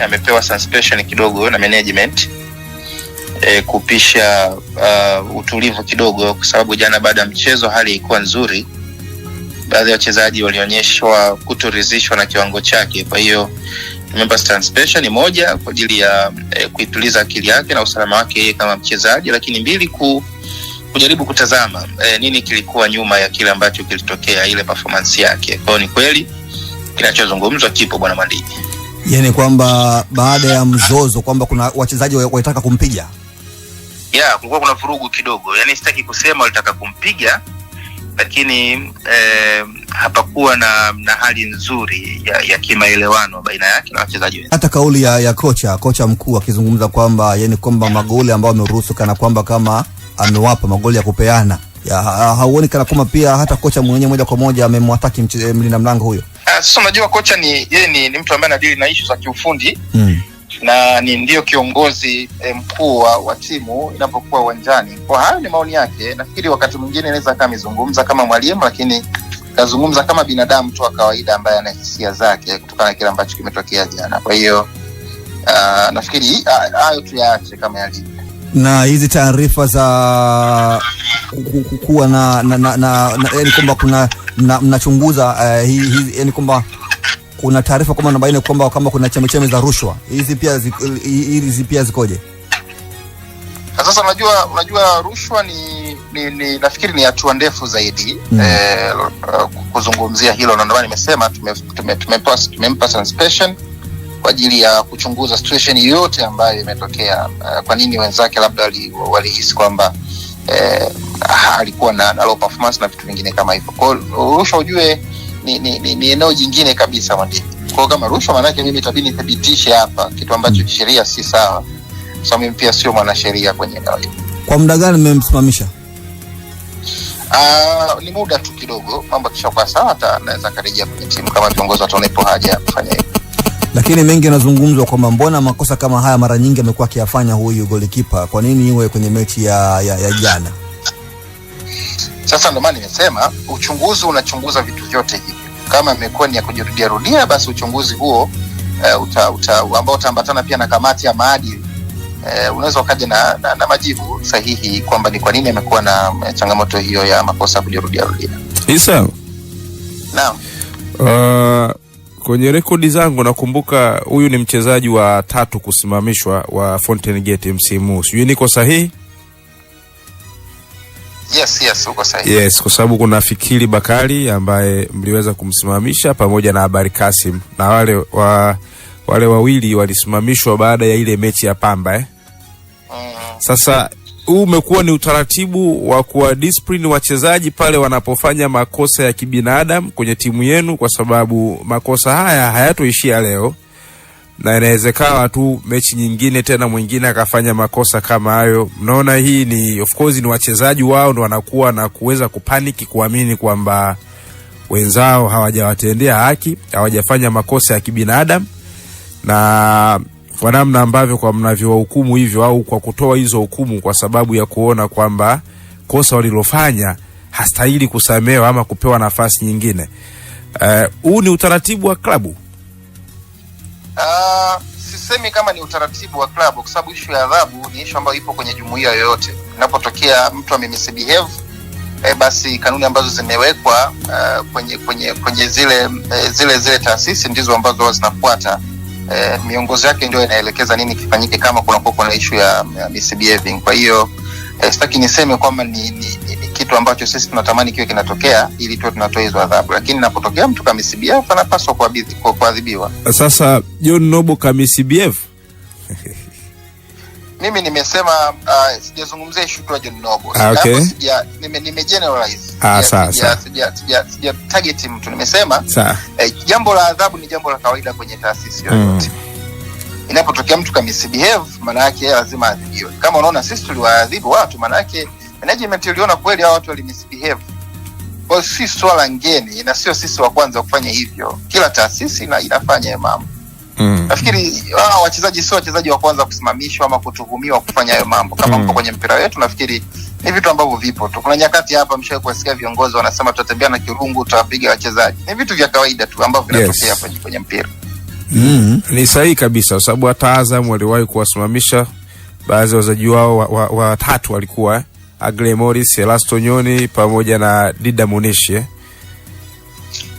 amepewa suspension kidogo na management e, kupisha uh, utulivu kidogo, kwa sababu jana baada ya mchezo hali ilikuwa nzuri, baadhi ya wachezaji walionyeshwa kutorizishwa na kiwango chake. Kwa hiyo suspension ni moja kwa ajili ya e, kuituliza akili yake na usalama wake yeye kama mchezaji, lakini mbili ku kujaribu kutazama e, nini kilikuwa nyuma ya kile ambacho kilitokea ile performance yake. kwao ni kweli kinachozungumzwa kipo, bwana Mandiki yani kwamba baada ya mzozo kwamba kuna wachezaji walitaka kumpiga ya kulikuwa kuna vurugu kidogo, yani sitaki kusema walitaka kumpiga, lakini eh, hapakuwa na, na hali nzuri ya, ya kimaelewano baina yake na wachezaji. Hata kauli ya, ya kocha kocha mkuu akizungumza kwamba yani kwamba magoli ambayo ameruhusu kana kwamba kama amewapa magoli ya kupeana, hauoni kana kwamba pia hata kocha mwenyewe moja kwa moja amemwataki eh, mlinda mlango huyo. Uh, sasa unajua kocha ni yeye ni, ni mtu ambaye anadili na ishu za kiufundi mm. na ni ndio kiongozi eh, mkuu wa timu inapokuwa uwanjani. Kwa hayo ni maoni yake, nafikiri wakati mwingine anaweza akawa amezungumza kama mwalimu, lakini kazungumza kama binadamu tu wa kawaida ambaye ana hisia zake kutokana na kile ambacho kimetokea jana. Kwa hiyo uh, nafikiri ah, hayo yaache kama yali na hizi taarifa za kuwa na, na, na, na, na, na kwamba kuna mnachunguza mna uh, eh, hii hi, yani kwamba kuna taarifa kwamba nabaini kwamba kama kuna chemecheme za rushwa hizi pia hizi pia zikoje? Sasa unajua, unajua rushwa ni, ni, ni nafikiri ni hatua ndefu zaidi mm. E, kuzungumzia hilo na ndio nimesema tumempa tumempa suspension kwa ajili ya kuchunguza situation yoyote ambayo imetokea. Eh, kwa nini wenzake labda walihisi wali kwamba e, Ah, alikuwa na, na low performance na vitu vingine kama hivyo. Kwa hiyo rushwa ujue ni, ni, ni, ni eneo jingine kabisa mwandishi. Kwa hiyo kama rushwa, maanake mimi itabidi nithibitishe hapa kitu ambacho mm. kisheria si sawa, kwa sababu mimi pia sio mwanasheria kwenye eneo hili. Kwa muda gani mmemsimamisha? Uh, ni muda tu kidogo, mambo akishakuwa sawa hata anaweza karejea kwenye timu kama viongozi wataonepo haja ya kufanya hivyo. Lakini mengi yanazungumzwa kwamba mbona makosa kama haya mara nyingi amekuwa akiyafanya huyu golikipa, kwa nini iwe kwenye mechi ya, ya, ya jana? Sasa ndo maana nimesema uchunguzi unachunguza vitu vyote hivi. Kama imekuwa ni ya kujirudia rudia, basi uchunguzi huo uh, uta, uta, ambao utaambatana pia na kamati ya maadili uh, unaweza ukaja na, na, na majibu sahihi kwamba ni kwa nini amekuwa na eh, changamoto hiyo ya makosa ya kujirudia rudia. Isa, naam. Uh, kwenye rekodi zangu nakumbuka huyu ni mchezaji wa tatu kusimamishwa wa Fountain Gate msimu, sijui niko sahihi? Yes, yes, uko sahihi. Yes, kwa sababu kuna Fikiri Bakari ambaye mliweza kumsimamisha pamoja na Habari Kasim na wale wa wale wawili walisimamishwa baada ya ile mechi ya Pamba eh? Mm. Sasa huu umekuwa ni utaratibu wa kuwa discipline wachezaji pale wanapofanya makosa ya kibinadamu kwenye timu yenu, kwa sababu makosa haya hayatoishia leo na inawezekana tu mechi nyingine tena mwingine akafanya makosa kama hayo. Mnaona, hii ni of course ni wachezaji wao ndo wanakuwa na kuweza kupaniki kuamini kwamba wenzao hawajawatendea haki, hawajafanya makosa ya kibinadamu, na kwa namna ambavyo kwa mnavyowahukumu hivyo au kwa kutoa hizo hukumu kwa sababu ya kuona kwamba kosa walilofanya hastahili kusamehewa ama kupewa nafasi nyingine. Eh, huu uh, ni utaratibu wa klabu Ah, sisemi kama ni utaratibu wa klabu kwa sababu ishu ya adhabu ni ishu ambayo ipo kwenye jumuiya yoyote. Inapotokea mtu amisbehave, e, eh, basi kanuni ambazo zimewekwa uh, kwenye kwenye kwenye zile eh, zile zile taasisi ndizo ambazo zinafuata e, miongozo yake ndio inaelekeza nini kifanyike kama kunakuwa kuna ishu ya misbehaving. Kwa hiyo e, sitaki niseme kwamba ni, ni kitu ambacho sisi tunatamani kiwe kinatokea ili tuwe tunatoa hizo adhabu, lakini napotokea mtu kama CBF anapaswa kuadhibiwa. Sasa John Nobo kama CBF mimi nimesema uh, sijazungumzia ishu ya John Nobo ah, okay. Sija nime, nime generalize ah, sija, sija, sija, sija, sija target mtu nimesema eh, jambo la adhabu ni jambo la kawaida kwenye taasisi yoyote mm. Inapotokea mtu kamisbehave, maana yake lazima adhibiwe. Kama unaona sisi tuliwaadhibu watu, maana yake management iliona kweli hao watu walimisbehave. Kwa si swala ngeni na sio sisi wa kwanza kufanya hivyo, kila taasisi inafanya hayo mambo. Mm. Nafikiri ah, wachezaji sio wachezaji wa kwanza kusimamishwa ama kutuhumiwa kufanya hayo mambo. Kama mm. kwenye mpira wetu, nafikiri ni vitu ambavyo vipo tu. Kuna nyakati hapa mshawahi kuwasikia viongozi wanasema tutatembea na kirungu, tutawapiga wachezaji. Ni vitu vya kawaida tu ambavyo vinatokea yes. hapa kwenye mpira. Mm. Ni sahihi kabisa kwa sababu hata Azam waliwahi kuwasimamisha baadhi ya wazaji wao watatu wa, wa, wa walikuwa eh Agle Morris, Elasto Nyoni pamoja na Dida Munishi eh?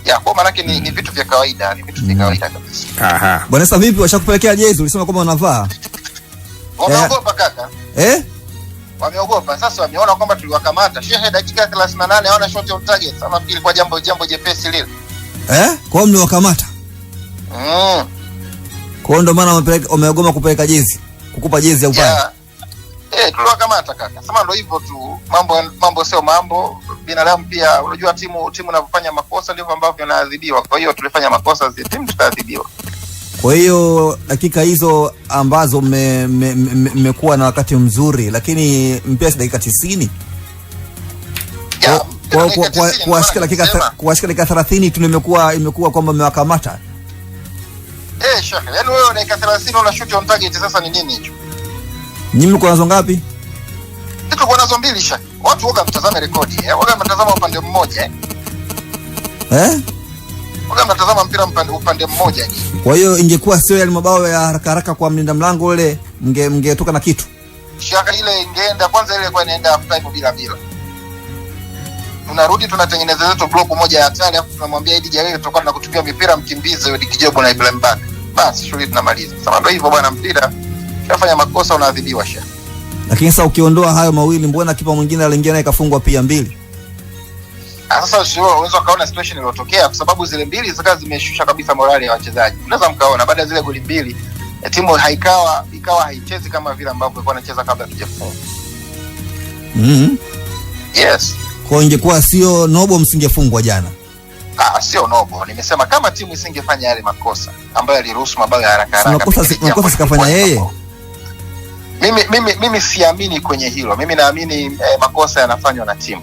Ya, kwa maana ni, ni vitu vya kawaida, ni vitu vya mm. kawaida kabisa. Aha. Bwana sasa vipi washakupelekea jezi? Ulisema kwamba wanavaa. Wameogopa eh. kaka. Eh? Wameogopa. Sasa wameona kwamba tuliwakamata. Shehe dakika 38 hawana shot on target. Ama pili kwa jambo jambo jepesi lile. Eh? Kwa hiyo mliwakamata. Mm. Kwa hiyo ndio maana wameogopa kupeleka jezi. Kukupa jezi ya upande. Yeah. Eh, tuliwakamata kaka. Sema ndo hivyo tu. Mambo mambo sio mambo. Binadamu pia unajua timu timu inavyofanya makosa ndivyo ambavyo inaadhibiwa. Kwa hiyo tulifanya makosa zile timu tutaadhibiwa. Kwa hiyo dakika hizo ambazo mmekuwa na wakati mzuri, lakini mpia si dakika tisini kuwashika dakika thelathini tu imekuwa imekuwa kwamba mmewakamata. Eh, shaka. Yaani wewe dakika 30 una shoot on target sasa ni nini hicho? Nyinyi mko nazo ngapi? kwa nazo mbili sha. Watu woga mtazama rekodi. Eh, woga mtazama upande mmoja. Eh? Eh? Woga mtazama mpira upande upande mmoja. Kwa hiyo ingekuwa sio yale mabao ya haraka haraka kwa mlinda mlango ule mge mgetoka na kitu. Shaka ile ingeenda kwanza ile kwa inaenda half time bila bila. Tunarudi tunatengeneza zetu block moja ya hatari afu tunamwambia Idi Jalili tutakuwa tunakutupia mipira mkimbize Idi Kijobo na Ibrahim Baka. Basi shughuli tunamaliza. Sababu hivyo bwana mpira Kafanya makosa unaadhibiwa sha. Lakini sasa ukiondoa hayo mawili, mbona kipa mwingine aliingia naye kafungwa pia mbili? Ah, sasa sio unaweza kaona situation iliyotokea, kwa sababu zile mbili zikawa zimeshusha kabisa morale ya wachezaji. Unaweza mkaona baada ya zile goli mbili eh, timu haikawa ikawa haichezi kama vile ambavyo ilikuwa inacheza kabla hatujafunga. Mm Yes. Kwa ingekuwa sio Nobo msingefungwa jana. Ah, sio Nobo. Nimesema kama timu isingefanya yale makosa ambayo yaliruhusu mabao ya haraka haraka. Makosa sikafanya yeye mimi, mimi, mimi siamini kwenye hilo. Mimi naamini eh, makosa yanafanywa na timu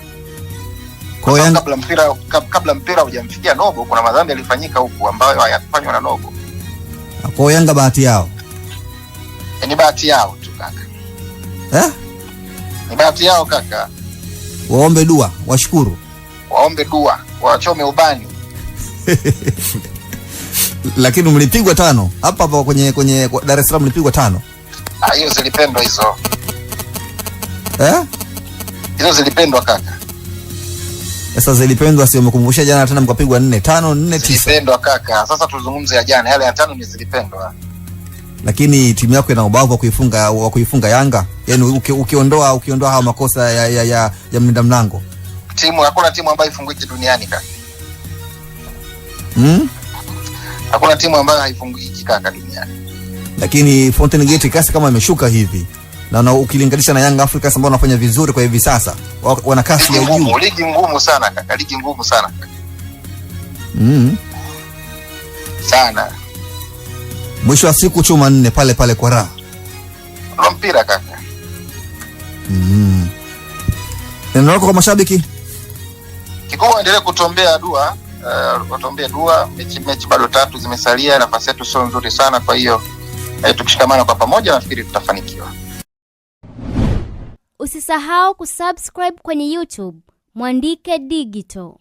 kwa kabla mpira kabla mpira hujamfikia Nobo, kuna madhambi yalifanyika huku ambayo hayafanywa na Nobo. Kwa Yanga bahati yao e, ni bahati yao tu kaka eh? ni bahati yao kaka, waombe dua, washukuru, waombe dua, wachome ubani lakini mlipigwa tano hapa hapa kwenye kwenye Dar es Salaam mlipigwa tano Ah, hiyo zilipendwa hizo eh? hizo zilipendwa kaka. Sasa zilipendwa, si umekumbusha jana tena mkapigwa nne tano nne tisa. Zilipendwa kaka, sasa tuzungumze ya jana, yale ya tano ni zilipendwa, lakini timu yako ina ubavu wa kuifunga wa kuifunga Yanga, yaani ukiondoa ukiondoa hawa makosa ya ya, ya, ya mlinda mlango timu, hakuna timu ambayo ifungiki duniani kaka. Mm? Hakuna timu ambayo haifungiki kaka duniani lakini Fountain Gate kasi kama imeshuka hivi na, na ukilinganisha na Young Africans ambao wanafanya vizuri kwa hivi sasa, wana kasi ya juu. Ligi ngumu sana kaka, ligi ngumu sana kaka. mm. sana mwisho wa siku chuma nne pale pale kwa raha na mpira kaka mm. neno lako kwa mashabiki kikubwa, endelee kutombea dua, uh, eh, kutombea dua. Mechi mechi bado tatu zimesalia, nafasi yetu sio nzuri sana, kwa hiyo E, tukishikamana kwa pamoja nafikiri tutafanikiwa. Usisahau kusubscribe kwenye YouTube Mwandike Digital.